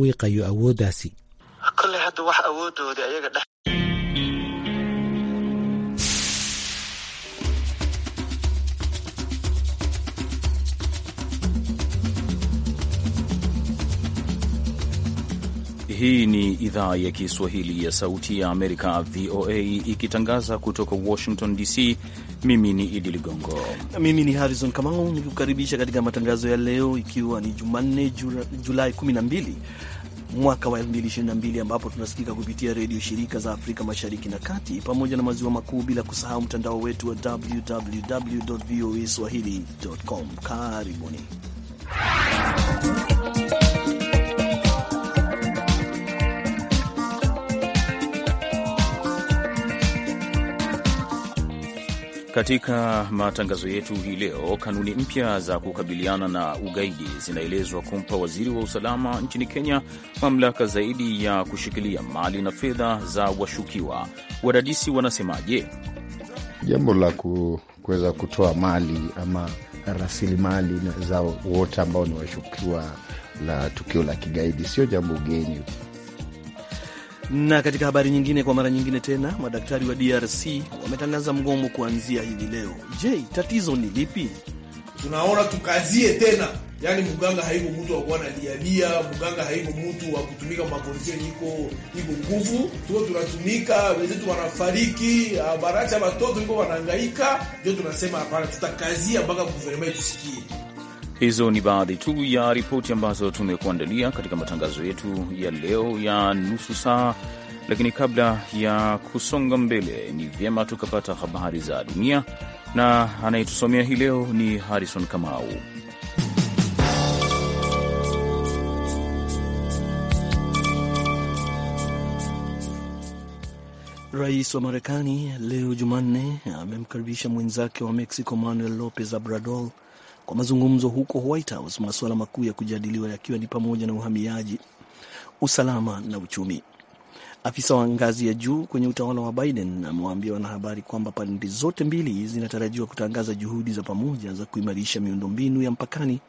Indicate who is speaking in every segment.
Speaker 1: wiiqayo awooddaasi
Speaker 2: Hii ni idhaa ya Kiswahili ya Sauti ya Amerika, VOA, ikitangaza kutoka Washington DC. Mimi ni Idi Ligongo
Speaker 1: na mimi ni Harrison Kamau nikukaribisha katika matangazo ya leo, ikiwa ni Jumanne, Julai 12 mwaka wa 2022 ambapo tunasikika kupitia redio shirika za Afrika Mashariki na Kati pamoja na maziwa makuu, bila kusahau mtandao wetu wa www voa swahili.com. Karibuni
Speaker 2: Katika matangazo yetu hii leo, kanuni mpya za kukabiliana na ugaidi zinaelezwa kumpa waziri wa usalama nchini Kenya mamlaka zaidi ya kushikilia mali na fedha za washukiwa. Wadadisi wanasemaje?
Speaker 3: Jambo la kuweza kutoa mali ama rasilimali za wote ambao ni washukiwa la tukio la kigaidi sio jambo geni.
Speaker 1: Na katika habari nyingine, kwa mara nyingine tena madaktari wa DRC wametangaza mgomo kuanzia hivi leo. Je, tatizo ni lipi? Tunaona tukazie tena, yaani mganga haiko mtu wa kuwa nalialia, mganga haiko mtu wa kutumika makondisio iko iko nguvu, tuko tunatumika, wenzetu wanafariki, ah, baracha watoto iko wanahangaika, ndio tunasema hapana, tutakazia mpaka guvernema itusikie.
Speaker 2: Hizo ni baadhi tu ya ripoti ambazo tumekuandalia katika matangazo yetu ya leo ya nusu saa, lakini kabla ya kusonga mbele, ni vyema tukapata habari za dunia, na anayetusomea hii leo ni Harrison
Speaker 1: Kamau. Rais wa Marekani leo Jumanne amemkaribisha mwenzake wa Mexico Manuel Lopez Obrador kwa mazungumzo huko White House, masuala makuu ya kujadiliwa yakiwa ni pamoja na uhamiaji, usalama na uchumi. Afisa wa ngazi ya juu kwenye utawala wa Biden amewaambia wanahabari kwamba pande zote mbili zinatarajiwa kutangaza juhudi za pamoja za kuimarisha miundombinu ya mpakani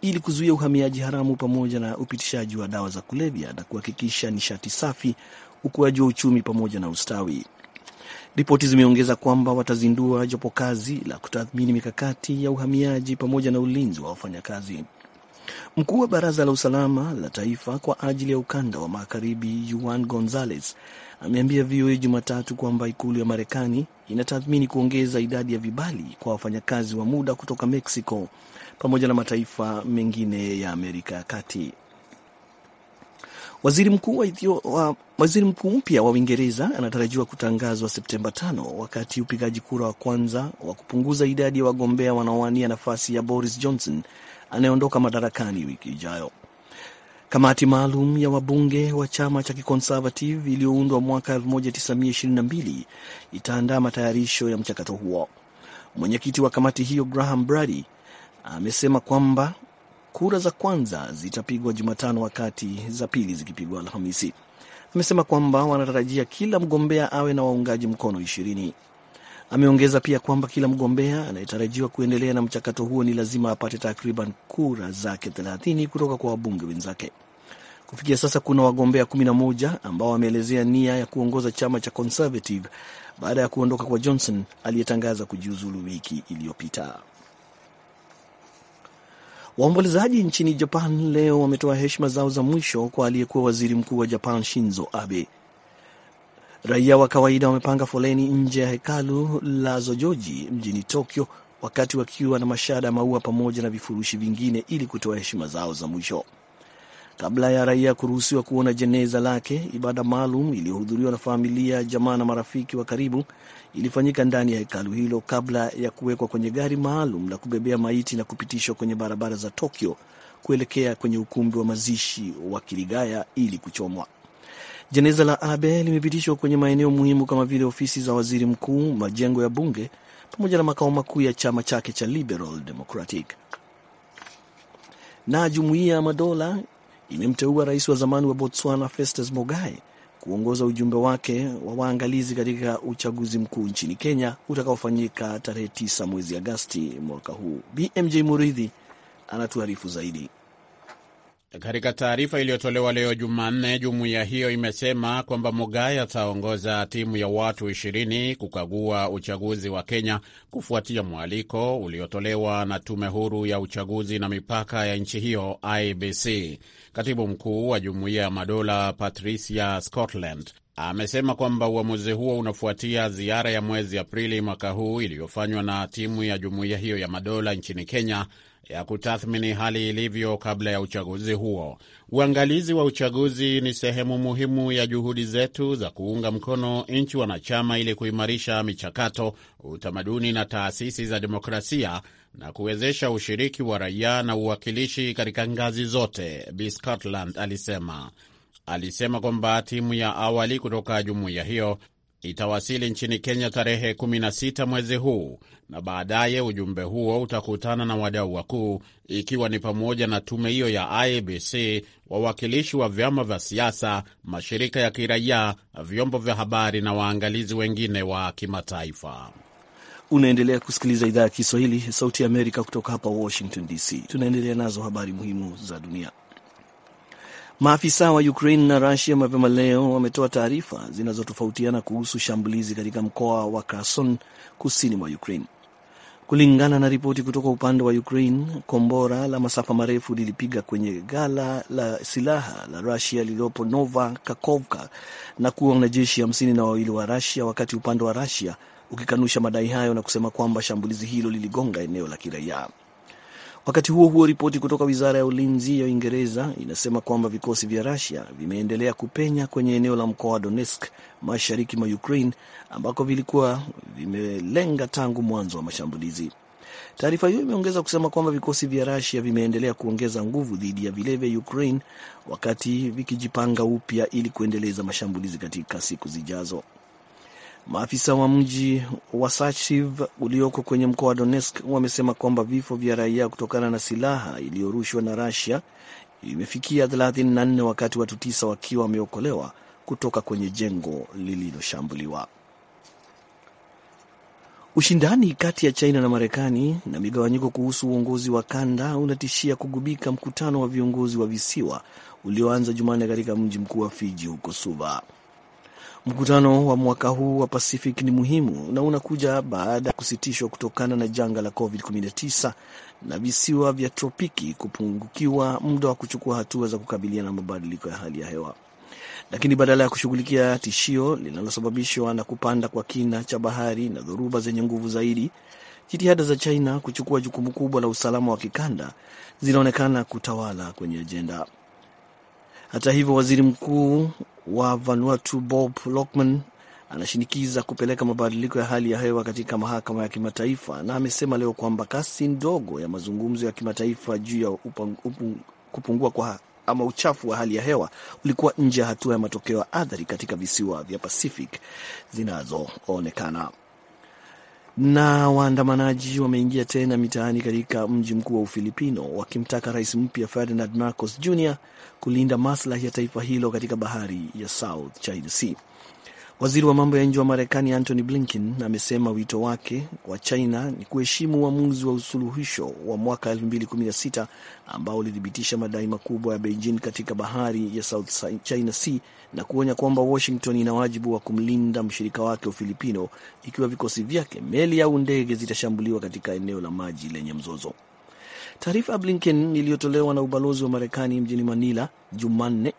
Speaker 1: ili kuzuia uhamiaji haramu pamoja na upitishaji wa dawa za kulevya na kuhakikisha nishati safi, ukuaji wa uchumi pamoja na ustawi. Ripoti zimeongeza kwamba watazindua jopo kazi la kutathmini mikakati ya uhamiaji pamoja na ulinzi wa wafanyakazi. Mkuu wa Baraza la Usalama la Taifa kwa ajili ya ukanda wa magharibi Juan gonzales ameambia VOA Jumatatu kwamba ikulu ya Marekani inatathmini kuongeza idadi ya vibali kwa wafanyakazi wa muda kutoka Mexico pamoja na mataifa mengine ya Amerika ya Kati. Waziri mkuu wa waziri mkuu mpya wa Uingereza anatarajiwa kutangazwa Septemba tano wakati upigaji kura wa kwanza wa kupunguza idadi ya wagombea wanaowania nafasi ya Boris Johnson anayeondoka madarakani wiki ijayo. Kamati maalum ya wabunge wa chama cha kiconservative iliyoundwa mwaka 1922 itaandaa matayarisho ya mchakato huo. Mwenyekiti wa kamati hiyo Graham Brady amesema kwamba Kura za kwanza zitapigwa Jumatano, wakati za pili zikipigwa Alhamisi. Amesema kwamba wanatarajia kila mgombea awe na waungaji mkono ishirini. Ameongeza pia kwamba kila mgombea anayetarajiwa kuendelea na mchakato huo ni lazima apate takriban kura zake thelathini kutoka kwa wabunge wenzake. Kufikia sasa kuna wagombea kumi na moja ambao wameelezea nia ya kuongoza chama cha Conservative baada ya kuondoka kwa Johnson aliyetangaza kujiuzulu wiki iliyopita. Waombolezaji nchini Japan leo wametoa heshima zao za mwisho kwa aliyekuwa waziri mkuu wa Japan, Shinzo Abe. Raia wa kawaida wamepanga foleni nje ya hekalu la Zojoji mjini Tokyo, wakati wakiwa na mashada ya maua pamoja na vifurushi vingine ili kutoa heshima zao za mwisho kabla ya raia kuruhusiwa kuona jeneza lake. Ibada maalum iliyohudhuriwa na familia, jamaa na marafiki wa karibu ilifanyika ndani ya hekalu hilo kabla ya kuwekwa kwenye gari maalum la kubebea maiti na kupitishwa kwenye barabara za Tokyo kuelekea kwenye ukumbi wa mazishi wa Kirigaya ili kuchomwa. Jeneza la Abe limepitishwa kwenye maeneo muhimu kama vile ofisi za waziri mkuu, majengo ya bunge pamoja na makao makuu ya chama chake cha Liberal Democratic. Na jumuiya ya madola imemteua rais wa zamani wa Botswana Festus Mogae kuongoza ujumbe wake wa waangalizi katika uchaguzi mkuu nchini Kenya utakaofanyika tarehe 9 mwezi Agasti mwaka huu. BMJ Muridhi anatuarifu zaidi.
Speaker 4: Katika taarifa iliyotolewa leo Jumanne, jumuiya hiyo imesema kwamba Mugai ataongoza timu ya watu 20 kukagua uchaguzi wa Kenya kufuatia mwaliko uliotolewa na tume huru ya uchaguzi na mipaka ya nchi hiyo IBC. Katibu mkuu wa jumuiya ya madola Patricia Scotland amesema kwamba uamuzi huo unafuatia ziara ya mwezi Aprili mwaka huu iliyofanywa na timu ya jumuiya hiyo ya madola nchini Kenya ya kutathmini hali ilivyo kabla ya uchaguzi huo. Uangalizi wa uchaguzi ni sehemu muhimu ya juhudi zetu za kuunga mkono nchi wanachama ili kuimarisha michakato, utamaduni na taasisi za demokrasia na kuwezesha ushiriki wa raia na uwakilishi katika ngazi zote, Bi Scotland alisema. Alisema kwamba timu ya awali kutoka jumuiya hiyo itawasili nchini Kenya tarehe 16 mwezi huu, na baadaye ujumbe huo utakutana na wadau wakuu, ikiwa ni pamoja na tume hiyo ya IBC, wawakilishi wa vyama vya siasa, mashirika ya kiraia, vyombo vya habari na waangalizi wengine wa kimataifa.
Speaker 1: Unaendelea kusikiliza idhaa ya Kiswahili Sauti ya Amerika kutoka hapa Washington DC. Tunaendelea nazo habari muhimu za dunia. Maafisa wa Ukraine na Rusia mapema leo wametoa taarifa zinazotofautiana kuhusu shambulizi katika mkoa wa Kherson kusini mwa Ukraine. Kulingana na ripoti kutoka upande wa Ukraine, kombora la masafa marefu lilipiga kwenye gala la silaha la Rusia lililopo Nova Kakovka na kuwa wanajeshi hamsini na wawili wa Rusia, wakati upande wa Rusia ukikanusha madai hayo na kusema kwamba shambulizi hilo liligonga eneo la kiraia. Wakati huo huo, ripoti kutoka wizara ya ulinzi ya Uingereza inasema kwamba vikosi vya Rusia vimeendelea kupenya kwenye eneo la mkoa wa Donetsk mashariki mwa Ukraine ambako vilikuwa vimelenga tangu mwanzo wa mashambulizi. Taarifa hiyo imeongeza kusema kwamba vikosi vya Rusia vimeendelea kuongeza nguvu dhidi ya vile vya Ukraine wakati vikijipanga upya ili kuendeleza mashambulizi katika siku zijazo. Maafisa wa mji wa Sachiv ulioko kwenye mkoa wa Donetsk wamesema kwamba vifo vya raia kutokana na silaha iliyorushwa na rasia imefikia 34 wakati watu tisa wakiwa wameokolewa kutoka kwenye jengo lililoshambuliwa. Ushindani kati ya China na Marekani na migawanyiko kuhusu uongozi wa kanda unatishia kugubika mkutano wa viongozi wa visiwa ulioanza Jumanne katika mji mkuu wa Fiji huko Suva. Mkutano wa mwaka huu wa Pacific ni muhimu na unakuja baada ya kusitishwa kutokana na janga la COVID-19 na visiwa vya tropiki kupungukiwa muda wa kuchukua hatua za kukabiliana na mabadiliko ya hali ya hewa. Lakini badala ya kushughulikia tishio linalosababishwa na kupanda kwa kina cha bahari na dhoruba zenye nguvu zaidi, jitihada za China kuchukua jukumu kubwa la usalama wa kikanda zinaonekana kutawala kwenye ajenda. Hata hivyo, waziri mkuu wa Vanuatu Bob Lockman anashinikiza kupeleka mabadiliko ya hali ya hewa katika mahakama ya kimataifa na amesema leo kwamba kasi ndogo ya mazungumzo ya kimataifa juu ya kupungua kwa ama uchafu wa hali ya hewa ulikuwa nje ya hatua ya matokeo ya athari katika visiwa vya Pacific zinazoonekana. Na waandamanaji wameingia tena mitaani katika mji mkuu wa Ufilipino wakimtaka rais mpya Ferdinand Marcos Jr kulinda maslahi ya taifa hilo katika bahari ya South China Sea. Waziri wa mambo ya nje wa Marekani Antony Blinken amesema wito wake wa China ni kuheshimu uamuzi wa usuluhisho wa mwaka 2016 ambao ulithibitisha madai makubwa ya Beijing katika bahari ya South China Sea na kuonya kwamba Washington ina wajibu wa kumlinda mshirika wake Ufilipino ikiwa vikosi vyake, meli au ndege zitashambuliwa katika eneo la maji lenye mzozo. Taarifa ya Blinken iliyotolewa na ubalozi wa Marekani mjini Manila Jumanne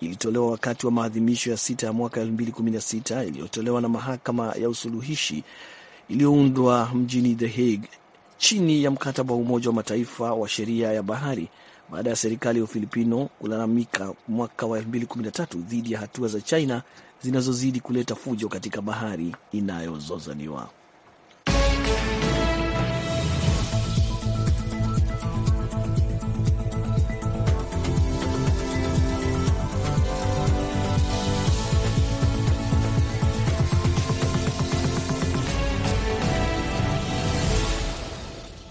Speaker 1: ilitolewa wakati wa maadhimisho ya sita ya mwaka 2016 iliyotolewa na mahakama ya usuluhishi iliyoundwa mjini The Hague chini ya mkataba wa Umoja wa Mataifa wa sheria ya bahari baada ya serikali ya Ufilipino kulalamika mwaka wa 2013 dhidi ya hatua za China zinazozidi kuleta fujo katika bahari inayozozaniwa.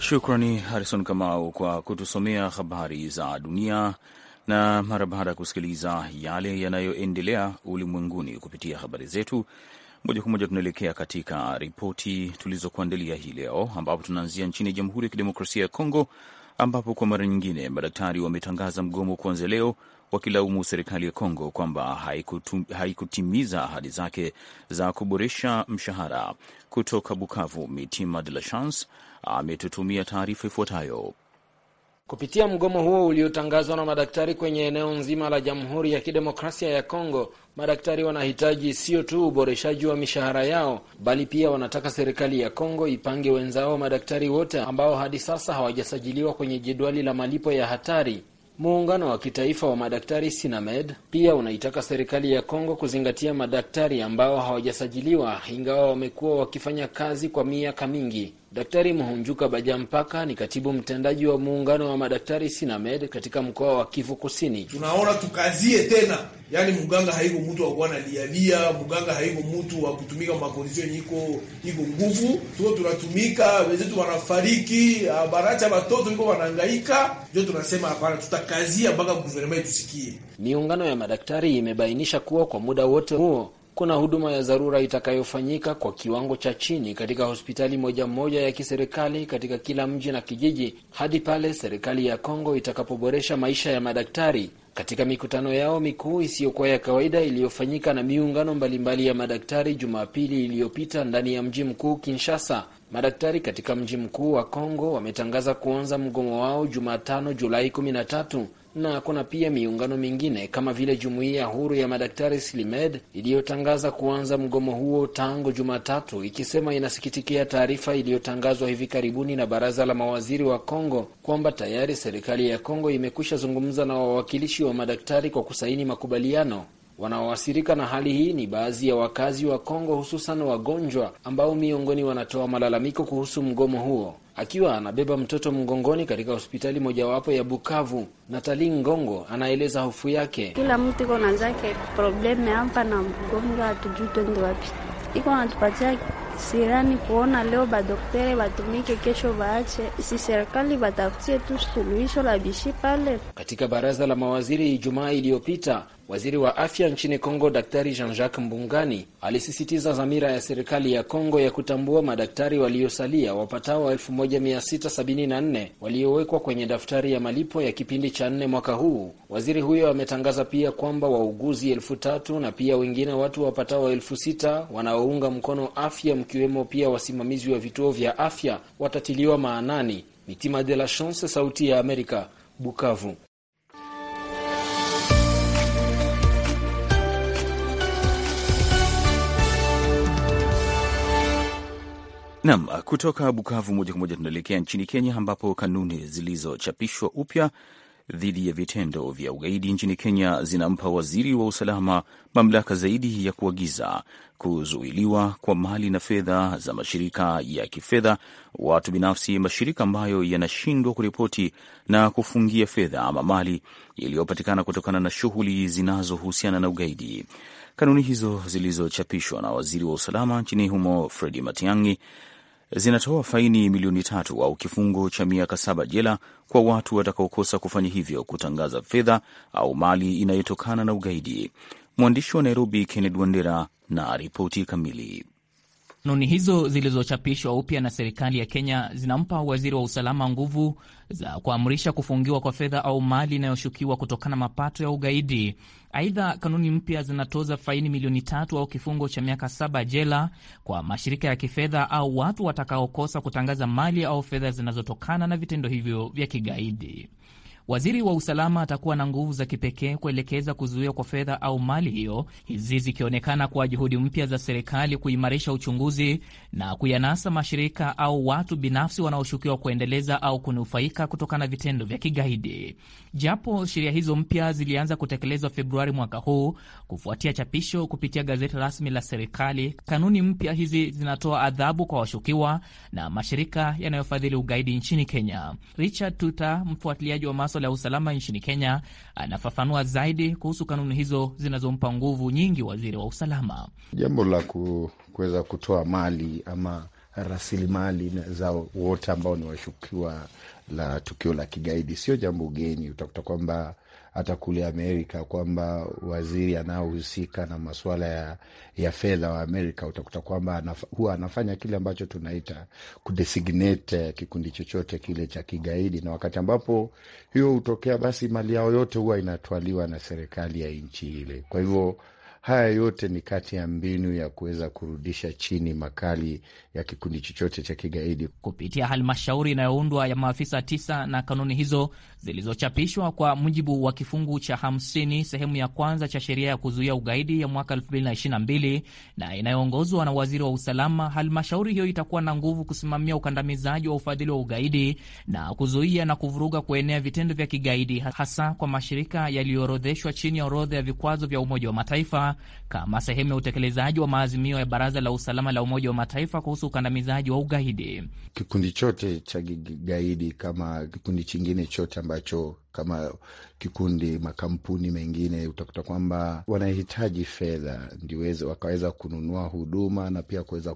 Speaker 2: Shukrani Harison Kamau kwa kutusomea habari za dunia. Na mara baada ya kusikiliza yale yanayoendelea ulimwenguni kupitia habari zetu moja kwa moja, tunaelekea katika ripoti tulizokuandalia hii leo, ambapo tunaanzia nchini Jamhuri ya Kidemokrasia ya Kongo, ambapo kwa mara nyingine madaktari wametangaza mgomo kuanzia leo, wakilaumu serikali ya Kongo kwamba haikutimiza ahadi zake za kuboresha mshahara. Kutoka Bukavu, Mitima de la Chance ametutumia taarifa
Speaker 5: ifuatayo. Kupitia mgomo huo uliotangazwa na madaktari kwenye eneo nzima la Jamhuri ya Kidemokrasia ya Kongo, madaktari wanahitaji sio tu uboreshaji wa mishahara yao, bali pia wanataka serikali ya Kongo ipange wenzao madaktari wote ambao hadi sasa hawajasajiliwa kwenye jedwali la malipo ya hatari. Muungano wa kitaifa wa madaktari Sinamed pia unaitaka serikali ya Kongo kuzingatia madaktari ambao hawajasajiliwa, ingawa wamekuwa wakifanya kazi kwa miaka mingi. Daktari Mhunjuka Bajampaka ni katibu mtendaji wa muungano wa madaktari Sinamed katika mkoa wa Kivu Kusini.
Speaker 1: Tunaona tukazie tena, yaani mganga haiko mtu wa kuwa nalialia, mganga haiko mtu wa kutumika makondisio iko iko nguvu, tuko tunatumika, wenzetu wanafariki, ah, baracha watoto iko wanahangaika, ndio tunasema hapana, tutakazia mpaka guvernema itusikie.
Speaker 5: Miungano ya madaktari imebainisha kuwa kwa muda wote huo kuna huduma ya dharura itakayofanyika kwa kiwango cha chini katika hospitali moja moja ya kiserikali katika kila mji na kijiji hadi pale serikali ya Kongo itakapoboresha maisha ya madaktari. Katika mikutano yao mikuu isiyokuwa ya kawaida iliyofanyika na miungano mbalimbali ya madaktari Jumapili iliyopita ndani ya mji mkuu Kinshasa, madaktari katika mji mkuu wa Kongo wametangaza kuanza mgomo wao Jumatano Julai 13 na kuna pia miungano mingine kama vile jumuiya huru ya madaktari slimed iliyotangaza kuanza mgomo huo tangu Jumatatu, ikisema inasikitikia taarifa iliyotangazwa hivi karibuni na baraza la mawaziri wa Kongo kwamba tayari serikali ya Kongo imekwisha zungumza na wawakilishi wa madaktari kwa kusaini makubaliano Wanaoathirika na hali hii ni baadhi ya wakazi wa Kongo, hususan wagonjwa ambao miongoni wanatoa malalamiko kuhusu mgomo huo. Akiwa anabeba mtoto mgongoni katika hospitali mojawapo ya Bukavu, Natali Ngongo anaeleza hofu yake. Kila
Speaker 6: mtu iko na zake probleme hapa na mgonjwa, hatujui twende wapi. Iko natupatia sirani kuona leo badoktere batumike, kesho vaache si serikali batafutie tu suluhisho la bishi pale.
Speaker 5: Katika baraza la mawaziri Ijumaa iliyopita Waziri wa afya nchini Kongo, Daktari Jean-Jacques Mbungani alisisitiza dhamira ya serikali ya Kongo ya kutambua madaktari waliosalia wapatao 1674 waliowekwa kwenye daftari ya malipo ya kipindi cha nne mwaka huu. Waziri huyo ametangaza pia kwamba wauguzi elfu tatu na pia wengine watu wapatao elfu sita wanaounga mkono afya, mkiwemo pia wasimamizi wa vituo vya afya watatiliwa maanani. Mitima de la Chance, Sauti ya Amerika, Bukavu.
Speaker 2: Nam kutoka Bukavu moja kwa moja tunaelekea nchini Kenya, ambapo kanuni zilizochapishwa upya dhidi ya vitendo vya ugaidi nchini Kenya zinampa waziri wa usalama mamlaka zaidi ya kuagiza kuzuiliwa kwa mali na fedha za mashirika ya kifedha, watu binafsi, mashirika ambayo yanashindwa kuripoti na kufungia fedha ama mali iliyopatikana kutokana na shughuli zinazohusiana na ugaidi. Kanuni hizo zilizochapishwa na waziri wa usalama nchini humo Fredi Matiang'i zinatoa faini milioni tatu au kifungo cha miaka saba jela kwa watu watakaokosa kufanya hivyo, kutangaza fedha au mali inayotokana na ugaidi. Mwandishi wa Nairobi Kenneth Wandera na ripoti kamili.
Speaker 7: Kanuni hizo zilizochapishwa upya na serikali ya Kenya zinampa waziri wa usalama nguvu za kuamrisha kufungiwa kwa fedha au mali inayoshukiwa kutokana mapato ya ugaidi Aidha, kanuni mpya zinatoza faini milioni tatu au kifungo cha miaka saba jela kwa mashirika ya kifedha au watu watakaokosa kutangaza mali au fedha zinazotokana na vitendo hivyo vya kigaidi. Waziri wa usalama atakuwa na nguvu za kipekee kuelekeza kuzuia kwa fedha au mali hiyo, hizi zikionekana kuwa juhudi mpya za serikali kuimarisha uchunguzi na kuyanasa mashirika au watu binafsi wanaoshukiwa kuendeleza au kunufaika kutokana na vitendo vya kigaidi. Japo sheria hizo mpya zilianza kutekelezwa Februari mwaka huu kufuatia chapisho kupitia gazeti rasmi la serikali, kanuni mpya hizi zinatoa adhabu kwa washukiwa na mashirika yanayofadhili ugaidi nchini Kenya. Richard Tuta, mfuatiliaji wa maswala ya usalama nchini Kenya anafafanua zaidi kuhusu kanuni hizo zinazompa nguvu nyingi waziri wa usalama.
Speaker 3: Jambo la kuweza kutoa mali ama rasilimali za wote ambao ni washukiwa la tukio la kigaidi sio jambo geni. Utakuta kwamba hata kule Amerika kwamba waziri anaohusika na masuala ya, ya fedha wa Amerika utakuta kwamba anaf, huwa anafanya kile ambacho tunaita kudesignate kikundi chochote kile cha kigaidi, na wakati ambapo hiyo hutokea, basi mali yao yote huwa inatwaliwa na serikali ya nchi ile. Kwa hivyo Haya yote ni kati ya mbinu ya kuweza kurudisha chini makali ya kikundi chochote cha kigaidi kupitia
Speaker 7: halmashauri inayoundwa ya maafisa tisa na kanuni hizo zilizochapishwa kwa mujibu wa kifungu cha 50 sehemu ya kwanza cha sheria ya kuzuia ugaidi ya mwaka 2022 na inayoongozwa na waziri wa usalama. Halmashauri hiyo itakuwa na nguvu kusimamia ukandamizaji wa ufadhili wa ugaidi na kuzuia na kuvuruga kuenea vitendo vya kigaidi, hasa kwa mashirika yaliyoorodheshwa chini ya orodha ya vikwazo vya Umoja wa Mataifa kama sehemu ya utekelezaji wa maazimio ya Baraza la Usalama la Umoja wa Mataifa kuhusu ukandamizaji wa ugaidi.
Speaker 3: Kikundi chote cha gaidi kama kikundi chingine chote ambacho kama kikundi makampuni mengine utakuta kwamba wanahitaji fedha ndiwez wakaweza kununua huduma na pia kuweza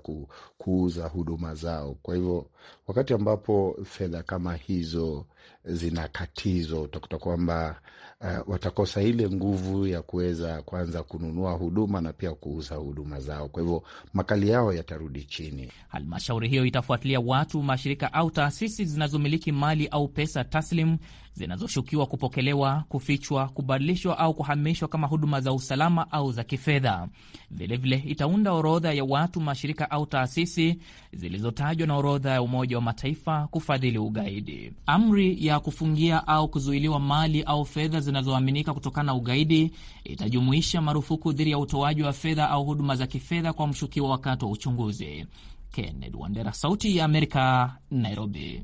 Speaker 3: kuuza huduma zao. Kwa hivyo wakati ambapo fedha kama hizo zinakatizwa, utakuta kwamba uh, watakosa ile nguvu ya kuweza kwanza kununua huduma na pia kuuza huduma zao, kwa hivyo makali yao yatarudi chini.
Speaker 7: Halmashauri hiyo itafuatilia watu, mashirika au taasisi zinazomiliki mali au pesa taslim zinazoshukiwa kupokelewa, kufichwa, kubadilishwa au kuhamishwa kama huduma za usalama au za kifedha. Vilevile itaunda orodha ya watu, mashirika au taasisi zilizotajwa na orodha ya Umoja wa Mataifa kufadhili ugaidi. Amri ya kufungia au kuzuiliwa mali au fedha zinazoaminika kutokana na ugaidi itajumuisha marufuku dhidi ya utoaji wa fedha au huduma za kifedha kwa mshukiwa wakati wa uchunguzi. Kennedy Wandera, Sauti ya Amerika, Nairobi.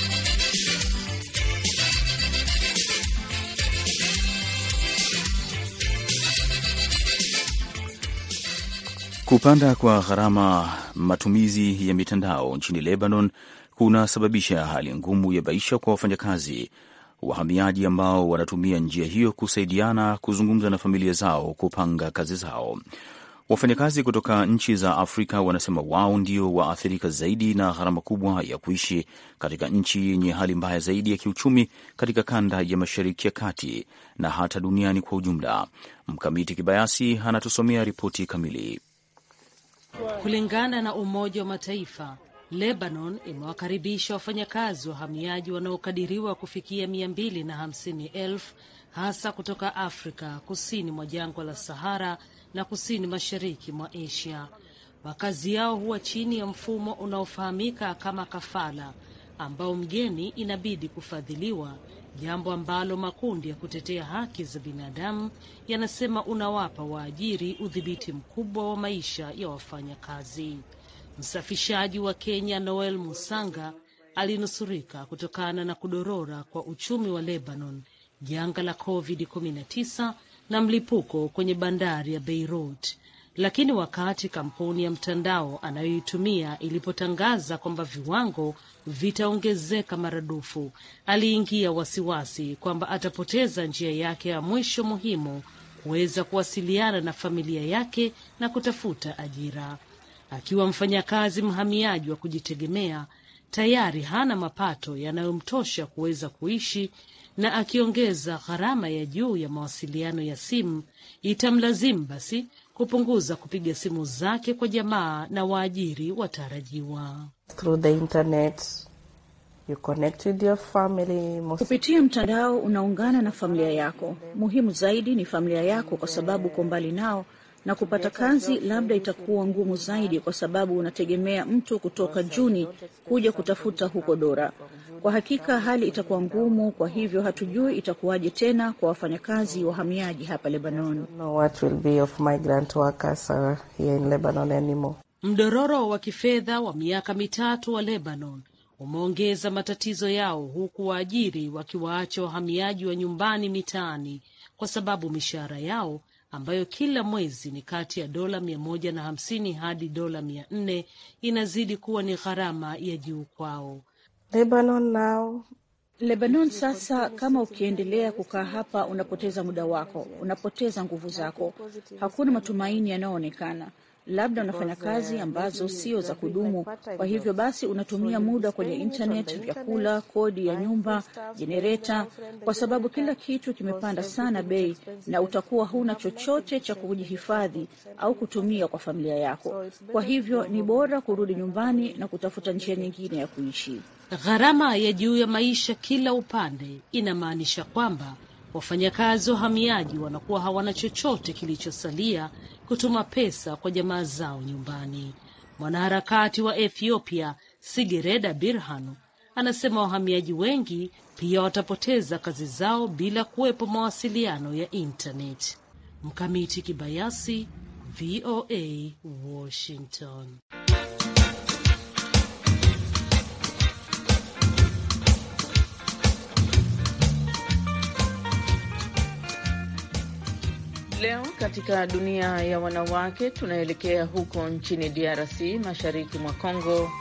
Speaker 2: Kupanda kwa gharama matumizi ya mitandao nchini Lebanon kunasababisha hali ngumu ya maisha kwa wafanyakazi wahamiaji ambao wanatumia njia hiyo kusaidiana, kuzungumza na familia zao, kupanga kazi zao. Wafanyakazi kutoka nchi za Afrika wanasema wao ndio waathirika zaidi na gharama kubwa ya kuishi katika nchi yenye hali mbaya zaidi ya kiuchumi katika kanda ya Mashariki ya Kati na hata duniani kwa ujumla. Mkamiti Kibayasi anatusomea ripoti kamili.
Speaker 8: Kulingana na Umoja wa Mataifa, Lebanon imewakaribisha wafanyakazi wahamiaji wanaokadiriwa kufikia mia hasa kutoka Afrika kusini mwa jangwa la Sahara na kusini mashariki mwa Asia. Makazi yao huwa chini ya mfumo unaofahamika kama kafala, ambao mgeni inabidi kufadhiliwa jambo ambalo makundi ya kutetea haki za binadamu yanasema unawapa waajiri udhibiti mkubwa wa maisha ya wafanyakazi. Msafishaji wa Kenya Noel Musanga alinusurika kutokana na kudorora kwa uchumi wa Lebanon, janga la COVID-19 na mlipuko kwenye bandari ya Beirut lakini wakati kampuni ya mtandao anayoitumia ilipotangaza kwamba viwango vitaongezeka maradufu, aliingia wasiwasi kwamba atapoteza njia yake ya mwisho muhimu kuweza kuwasiliana na familia yake na kutafuta ajira. Akiwa mfanyakazi mhamiaji wa kujitegemea, tayari hana mapato yanayomtosha kuweza kuishi, na akiongeza gharama ya juu ya mawasiliano ya simu, itamlazimu basi kupunguza kupiga simu zake kwa jamaa na waajiri
Speaker 9: watarajiwa. Kupitia mtandao unaungana na familia yako. Muhimu zaidi ni familia yako, kwa sababu uko mbali nao na kupata kazi labda itakuwa ngumu zaidi, kwa sababu unategemea mtu kutoka Juni kuja kutafuta huko Dora. Kwa hakika hali itakuwa ngumu, kwa hivyo hatujui itakuwaje tena kwa wafanyakazi wahamiaji hapa Lebanon. Uh, Mdororo wa
Speaker 8: kifedha wa miaka mitatu wa Lebanon umeongeza matatizo yao, huku waajiri wakiwaacha wahamiaji wa nyumbani mitaani kwa sababu mishahara yao ambayo kila mwezi ni kati ya dola mia moja na hamsini hadi dola mia nne inazidi kuwa ni gharama ya
Speaker 9: juu kwao.
Speaker 6: Lebanon now. Lebanon
Speaker 9: sasa, kama ukiendelea kukaa hapa, unapoteza muda wako, unapoteza nguvu zako, hakuna matumaini yanayoonekana labda unafanya kazi ambazo sio za kudumu. Kwa hivyo basi, unatumia muda kwenye intaneti, vyakula, kodi ya nyumba, jenereta, kwa sababu kila kitu kimepanda sana bei, na utakuwa huna chochote cha kujihifadhi au kutumia kwa familia yako. Kwa hivyo ni bora kurudi nyumbani na kutafuta njia nyingine ya kuishi.
Speaker 8: Gharama ya juu ya maisha kila upande inamaanisha kwamba wafanyakazi wahamiaji wanakuwa hawana chochote kilichosalia kutuma pesa kwa jamaa zao nyumbani. Mwanaharakati wa Ethiopia Sigereda birhan anasema wahamiaji wengi pia watapoteza kazi zao bila kuwepo mawasiliano ya intaneti. Mkamiti Kibayasi, VOA, Washington.
Speaker 9: Leo katika dunia ya wanawake tunaelekea huko nchini DRC, mashariki mwa Kongo,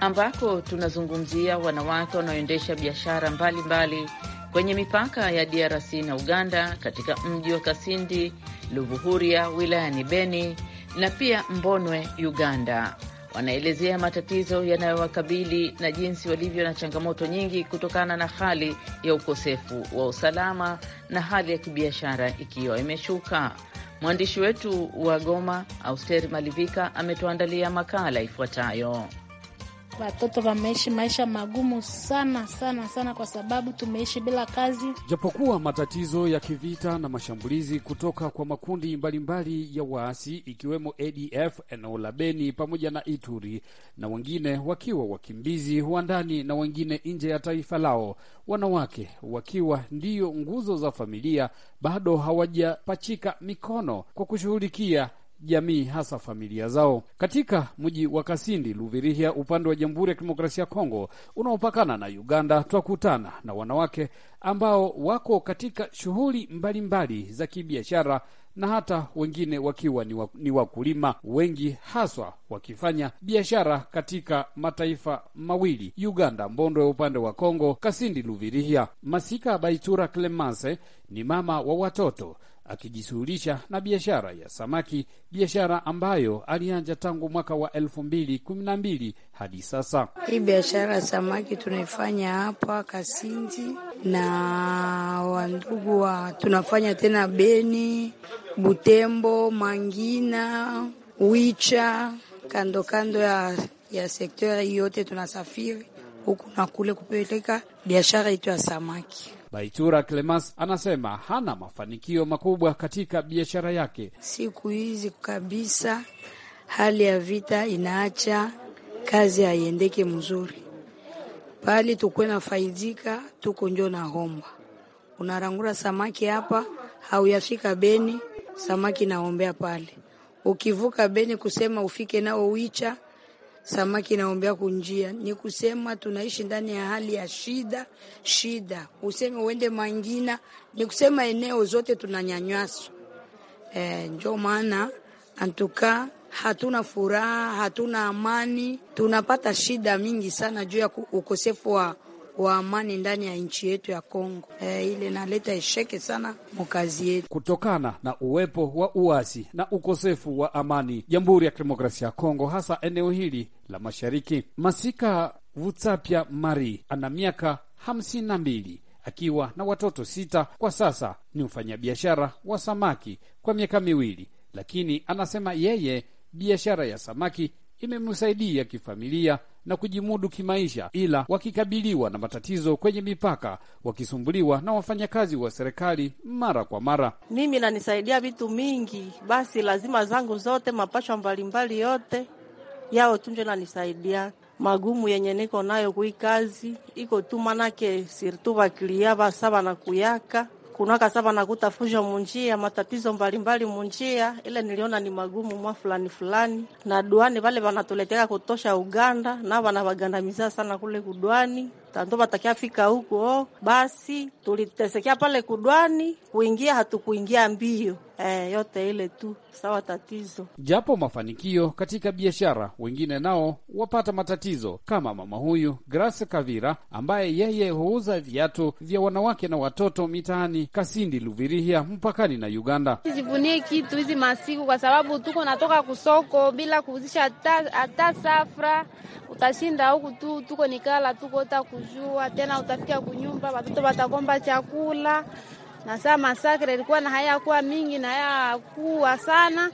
Speaker 9: ambako tunazungumzia wanawake wanaoendesha biashara mbalimbali kwenye mipaka ya DRC na Uganda, katika mji wa Kasindi, Luvuhuria wilayani Beni na pia Mbonwe, Uganda wanaelezea matatizo yanayowakabili na jinsi walivyo na changamoto nyingi kutokana na hali ya ukosefu wa usalama na hali ya kibiashara ikiwa imeshuka. Mwandishi wetu wa Goma, Austeri Malivika, ametuandalia makala ifuatayo.
Speaker 6: Watoto wameishi maisha magumu sana sana sana, kwa sababu tumeishi bila kazi.
Speaker 10: Japokuwa matatizo ya kivita na mashambulizi kutoka kwa makundi mbalimbali mbali ya waasi ikiwemo ADF eneo la Beni pamoja na Ituri, na wengine wakiwa wakimbizi wa ndani na wengine nje ya taifa lao, wanawake wakiwa ndiyo nguzo za familia, bado hawajapachika mikono kwa kushughulikia jamii, hasa familia zao. Katika mji wa Kasindi Luvirihia, upande wa Jamhuri ya Kidemokrasia ya Kongo unaopakana na Uganda, twakutana na wanawake ambao wako katika shughuli mbalimbali za kibiashara na hata wengine wakiwa ni wakulima, wengi haswa wakifanya biashara katika mataifa mawili Uganda, Mbondo ya upande wa Kongo, Kasindi Luvirihia. Masika Baitura Clemence ni mama wa watoto akijishughulisha na biashara ya samaki, biashara ambayo alianja tangu mwaka wa elfu mbili kumi na mbili hadi sasa.
Speaker 6: Hii biashara ya samaki tunaifanya hapa Kasinji na wandugu wa, tunafanya tena Beni, Butembo, Mangina, Wicha, kando kando ya, ya hii yote tunasafiri huku na kule kupeleka biashara yetu ya samaki.
Speaker 10: Baitura Clemas anasema hana mafanikio makubwa katika biashara yake.
Speaker 6: Siku hizi kabisa, hali ya vita inaacha kazi haiendeke mzuri, pali tukwe nafaidika, tuko njo na homba, unarangura samaki hapa, hauyafika Beni, samaki naombea pale, ukivuka Beni kusema ufike nao Wicha samaki naombea kunjia, ni kusema tunaishi ndani ya hali ya shida shida, useme uende mangina, ni kusema eneo zote tunanyanyaswa. E, eh, njo maana antuka hatuna furaha, hatuna amani, tunapata shida mingi sana juu ya ukosefu wa wa amani ndani ya nchi yetu ya Kongo. E, ile naleta esheke sana
Speaker 10: mukazi yetu kutokana na uwepo wa uasi na ukosefu wa amani Jamhuri ya Kidemokrasia ya Kongo, hasa eneo hili la mashariki. Masika Vutsapya Mari ana miaka hamsini na mbili akiwa na watoto sita. Kwa sasa ni mfanyabiashara wa samaki kwa miaka miwili, lakini anasema yeye biashara ya samaki imemsaidia kifamilia na kujimudu kimaisha, ila wakikabiliwa na matatizo kwenye mipaka, wakisumbuliwa na wafanyakazi wa serikali mara kwa mara.
Speaker 9: Mimi nanisaidia vitu mingi, basi lazima zangu zote, mapashwa mbalimbali yote yao tunje nanisaidia magumu yenye niko nayo kui kazi iko tu, manake sirtu vakilia vasa vanakuyaka kunaka saba na kutafuja munjia matatizo mbalimbali munjia ile niliona ni magumu mwa fulani fulani, na duani vale vanatuletea kutosha Uganda na vanavagandamiza sana kule kudwani tandoba takia fika huko, oh. basi tulitesekea pale kudwani kuingia, hatukuingia mbio. eh, yote ile tu sawa tatizo.
Speaker 10: Japo mafanikio katika biashara, wengine nao wapata matatizo, kama mama huyu Grace Kavira ambaye yeye huuza viatu vya wanawake na watoto mitaani Kasindi Luvirihia, mpakani na Uganda.
Speaker 6: Sijivunie kitu hizi masiku kwa sababu tuko natoka kusoko bila kuuzisha hata safra, utashinda huku tu tuko nikala tuko ku kujua tena, utafika kunyumba, watoto watakomba chakula na saa masakre ilikuwa na hayakuwa mingi na hayakuwa sana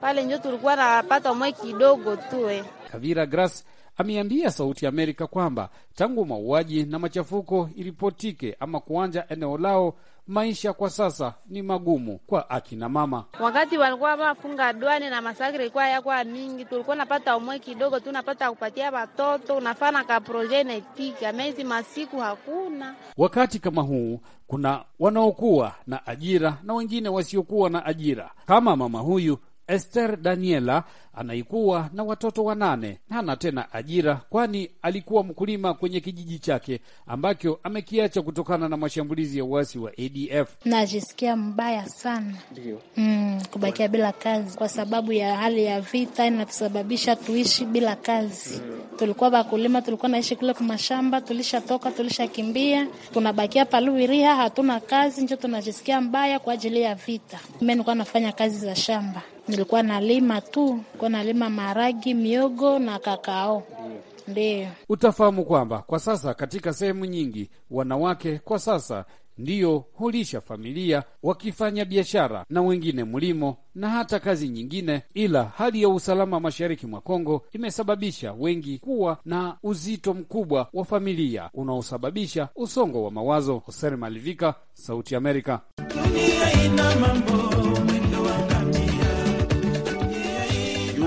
Speaker 6: pale, njo tulikuwa napata mwe kidogo tu. Eh.
Speaker 10: Kavira Gras ameambia Sauti ya Amerika kwamba tangu mauaji na machafuko iripotike ama kuanja eneo lao maisha kwa sasa ni magumu kwa akina mama.
Speaker 6: Wakati walikuwa wafunga dwani na masakri ilikuwa yakwa mingi, tulikuwa napata umwe kidogo, tunapata kupatia watoto unafana ka proje naitika mezi masiku hakuna.
Speaker 10: Wakati kama huu kuna wanaokuwa na ajira na wengine wasiokuwa na ajira kama mama huyu Esther Daniela anaikuwa na watoto wanane. Hana tena ajira, kwani alikuwa mkulima kwenye kijiji chake ambacho amekiacha kutokana na mashambulizi ya uasi wa ADF.
Speaker 6: Najisikia mbaya sana mm, kubakia bila kazi kwa sababu ya hali ya vita inatusababisha tuishi bila kazi. Tulikuwa wakulima, tulikuwa naishi kule kwa mashamba, tulishatoka, tulishakimbia, tunabakia paluiria, hatuna kazi, njo tunajisikia mbaya kwa ajili ya vita. Mi nilikuwa nafanya kazi za shamba nilikuwa nalima tu, nilikuwa nalima maragi miogo na kakao. Ndiyo,
Speaker 10: utafahamu kwamba kwa sasa katika sehemu nyingi wanawake kwa sasa ndiyo hulisha familia wakifanya biashara na wengine mlimo na hata kazi nyingine, ila hali ya usalama mashariki mwa Kongo imesababisha wengi kuwa na uzito mkubwa wa familia unaosababisha usongo wa mawazo. Hoser Malivika, Sauti Amerika.
Speaker 1: Dunia ina mambo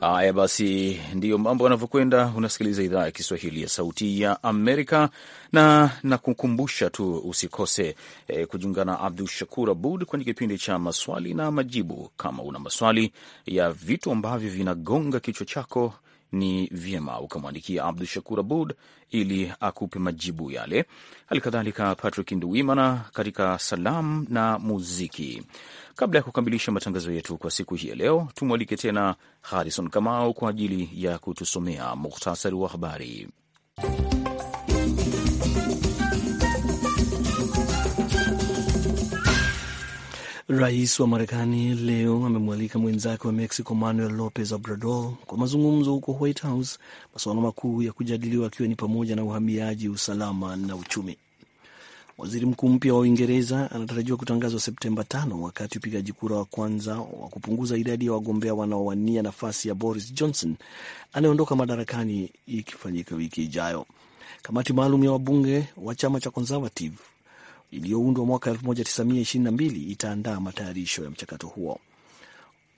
Speaker 2: Haya basi, ndiyo mambo yanavyokwenda. Unasikiliza idhaa ya Kiswahili ya Sauti ya Amerika, na nakukumbusha tu usikose eh, kujiunga na Abdu Shakur Abud kwenye kipindi cha maswali na majibu. Kama una maswali ya vitu ambavyo vinagonga kichwa chako, ni vyema ukamwandikia Abdu Shakur Abud ili akupe majibu yale. Hali kadhalika Patrick Nduwimana katika salamu na muziki Kabla ya kukamilisha matangazo yetu kwa siku hii ya leo, tumwalike tena Harison Kamau kwa ajili ya kutusomea muhtasari wa habari.
Speaker 1: Rais wa Marekani leo amemwalika mwenzake wa Mexico Manuel Lopez Obrador kwa mazungumzo huko White House, masuala makuu ya kujadiliwa akiwa ni pamoja na uhamiaji, usalama na uchumi. Waziri mkuu mpya wa Uingereza anatarajiwa kutangazwa Septemba tano, wakati upigaji kura wa kwanza wa kupunguza idadi ya wagombea wanaowania nafasi ya Boris Johnson anayeondoka madarakani ikifanyika wiki ijayo. Kamati maalum ya wabunge wa chama cha Conservative iliyoundwa mwaka 1922 itaandaa matayarisho ya mchakato huo.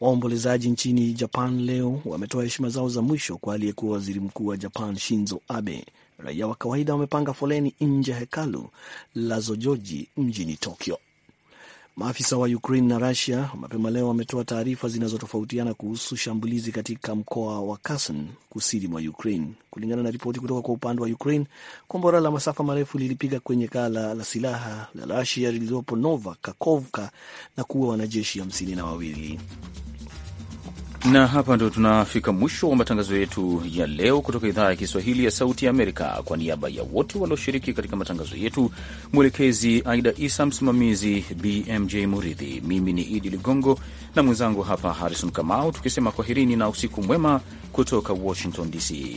Speaker 1: Waombolezaji nchini Japan leo wametoa heshima zao za mwisho kwa aliyekuwa waziri mkuu wa Japan Shinzo Abe raia wa kawaida wamepanga foleni nje ya hekalu la Zojoji mjini Tokyo. Maafisa wa Ukraine na Rusia mapema leo wametoa taarifa zinazotofautiana kuhusu shambulizi katika mkoa wa Kherson kusini mwa Ukraine, kulingana na ripoti kutoka kwa upande wa Ukraine. Kombora la masafa marefu lilipiga kwenye kala la silaha la Rusia lililopo Nova Kakovka na kuua wanajeshi hamsini na wawili.
Speaker 2: Na hapa ndio tunafika mwisho wa matangazo yetu ya leo kutoka idhaa ya Kiswahili ya Sauti ya Amerika. Kwa niaba ya wote walioshiriki katika matangazo yetu, mwelekezi Aida Isa, msimamizi BMJ Muridhi, mimi ni Idi Ligongo na mwenzangu hapa Harrison Kamau, tukisema kwaherini na usiku mwema kutoka Washington DC.